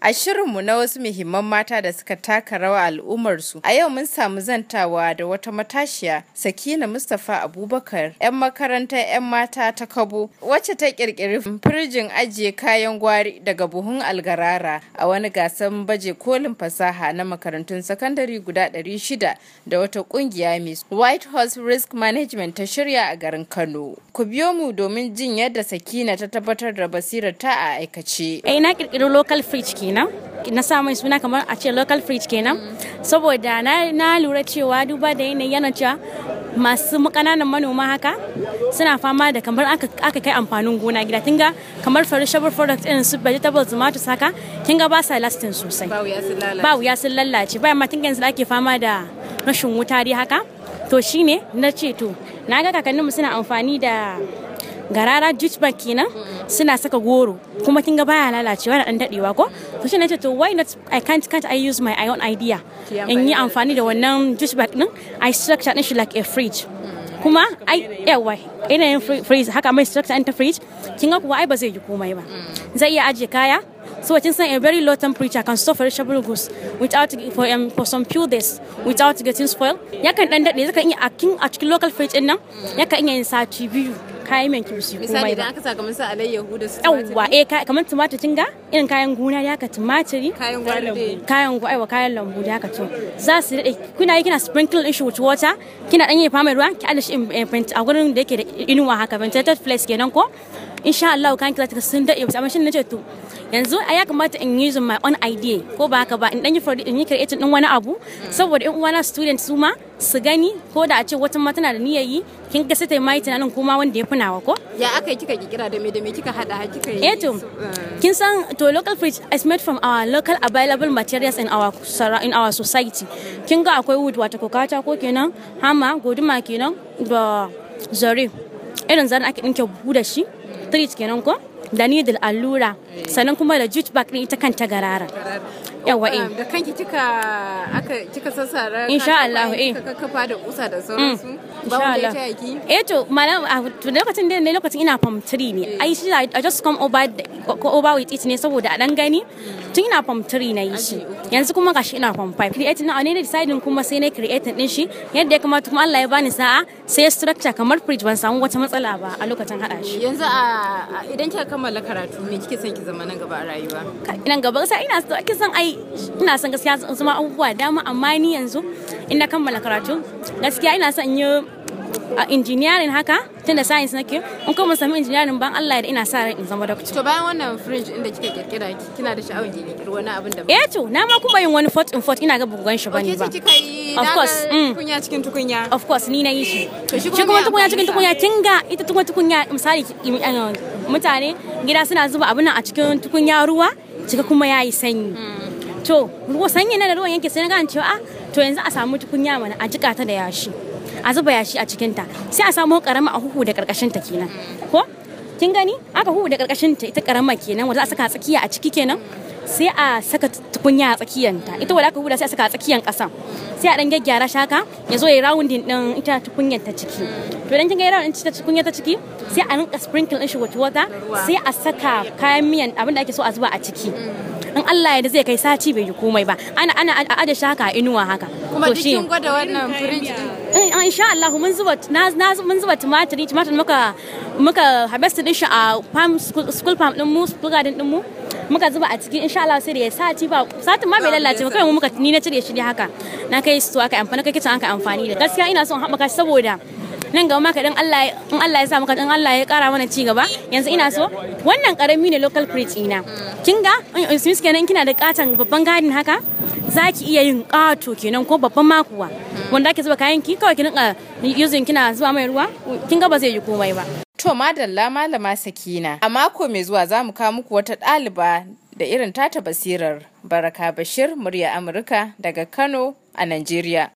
A shirinmu na wasu muhimman mata da suka taka rawa al'ummarsu, a yau mun samu zantawa da wata matashiya Sakina Mustapha Abubakar, 'yan makarantar 'yan mata ta Kabo, wacce ta kirkiri firjin ajiye kayan gwari daga buhun algarara a wani gasar baje kolin fasaha na makarantun sakandare guda 600 da wata ƙungiya mai White House Risk Management ta shirya a garin Kano. Ku biyo mu domin jin yadda Sakina ta tabbatar da basirar ta a aikace. Eh na ƙirƙiri local fridge kenan na samun suna kamar a ce local fridge kenan saboda na lura cewa duba da yanayi yana cewa masu kananan manoma haka suna fama da kamar aka kai amfanin gona gida tinga kamar perishable products irin su vegetable tomatoes haka kinga ba sa lasting sosai ba wuya sun lallace. ba amma yanzu ake fama da rashin wuta dai haka to shine na ce to na ga kakanninmu suna amfani da garara juice bag kenan suna saka goro kuma kin ga baya lalacewa da dan dadewa ko to shi nace to why not i can't can't i use my own idea in yi amfani da wannan jujjuba bag din i structure din shi like a fridge kuma ai yawa ina yin freeze haka mai structure ta fridge kin ga kuwa ai ba zai yi komai ba zai iya aje kaya so kin san a very low temperature can store perishable goods without for um, for some few days without getting spoiled yakan dan dade zaka iya a cikin local fridge din nan yakan iya yin sati biyu kayan mai kimshi komai misali idan aka saka musu alayyahu da su yawwa eh kamar tumatir kinga irin kayan gona da haka tumatiri kayan lambu kayan aiwa kayan lambu da haka to za su dade kuna yi kina sprinkle in shi with water kina dan yi fama ruwa ki adashi eh, a gurin da yake da inuwa haka ventilated place kenan ko insha Allah kan kira ta sun dade amma shin nace to yanzu a ya kamata in use my own idea ko ba haka ba in dan yi produce in yi creating din wani abu saboda in uwana student su ma su gani ko da a ce wata ma tana da niyyar yi kin ga sai ta mai tunanin kuma wanda ya fi nawa ko ya aka kika kikira da me da me kika hada kika yi eh to eh. kin san to local fridge is made from our local available materials in our in our society kin ga akwai wood wata kokata ko kenan hama goduma kenan da zare irin zan ake dinke buhu da shi treat kenan ko da ni da allura sannan kuma da jute bag ɗin ita kanta garara yawa eh da kanki kika aka kika sassara insha Allah eh kika kafa da kusa da mm, sauransu insha Allah eh to malam ah, to lokacin da ne lokacin ina form 3 ne eh. ai shi I just come over over with it ne saboda a dan gani mm. tun ina form 3 na yi shi yanzu kuma gashi ina form 5 create na ne deciding kuma sai na creating din shi yadda ya kamata kuma Allah ya bani sa'a sai structure kamar fridge ban samu wata matsala ba a lokacin hada shi yanzu a idan kika kammala karatu me kike son ki zama nan gaba a rayuwa nan gaba sai ina so kike son ai dai ina son gaskiya zama abubuwa dama amma ni yanzu ina kammala karatu gaskiya ina son yi a engineering haka tunda science nake in kuma sami engineering ban Allah da ina sa ran in zama doctor to bayan wannan fridge inda kike kirkira kina da sha'awar ki kirkira wani abin da eh to na ma kuma yin wani fort in fort ina ga bugun shi bane ba kika yi of course mm. tukunya cikin tukunya of course ni na yi shi shi kuma tukunya cikin tukunya kinga ita tukunya tukunya misali eh, mutane gida suna zuba abin a cikin tukunya ruwa cika kuma yayi sanyi hmm. to sanyi na da ruwan yanke sai na gane cewa ah, to yanzu a samu tukunya mana a jika ta da yashi a zuba yashi a cikinta sai a samu karama a huhu da karkashin ta kenan ko kin gani aka huhu da karkashin ta ita karama kenan wanda za a saka tsakiya a ciki kenan sai a saka tukunya a tsakiyanta ita wanda aka da sai a saka a tsakiyan kasan sai a dan gyaggyara shaka ya zo yayi rounding din ita tukunyar ta ciki to dan kin ga rounding ta tukunyar ta ciki sai a rinka sprinkle din shi wata wata sai a saka kayan miyan abin da ake so a zuba a ciki in Allah ya da zai kai sati bai yi komai ba ana ana a aje shaka inuwa haka kuma cikin gwada wannan fridge eh ah, insha Allah mun zuba na mun zuba tumatiri tumatir muka muka harvest din shi a farm school farm din mu school garden din mu muka zuba a ciki insha Allah sai da ya sati ba satin ma bai lalace ba kai mu muka ni na cire shi ne haka na kai su aka amfani kai kitchen aka amfani da gaskiya ina son haɓaka saboda nan gaba maka dan Allah in Allah ya sa maka dan Allah ya kara mana ci gaba yanzu ina so wannan karami ne local preach ina kin ga smith kenan kina da katan babban gadin haka zaki iya yin kato kenan ko babban makuwa wanda ake zuba kayan ki kawai kina using kina zuba mai ruwa kin ga ba zai yi komai ba to madalla malama sakina a mako mai zuwa za mu kawo muku wata ɗaliba da irin tata basirar baraka bashir murya amurka daga kano a najeriya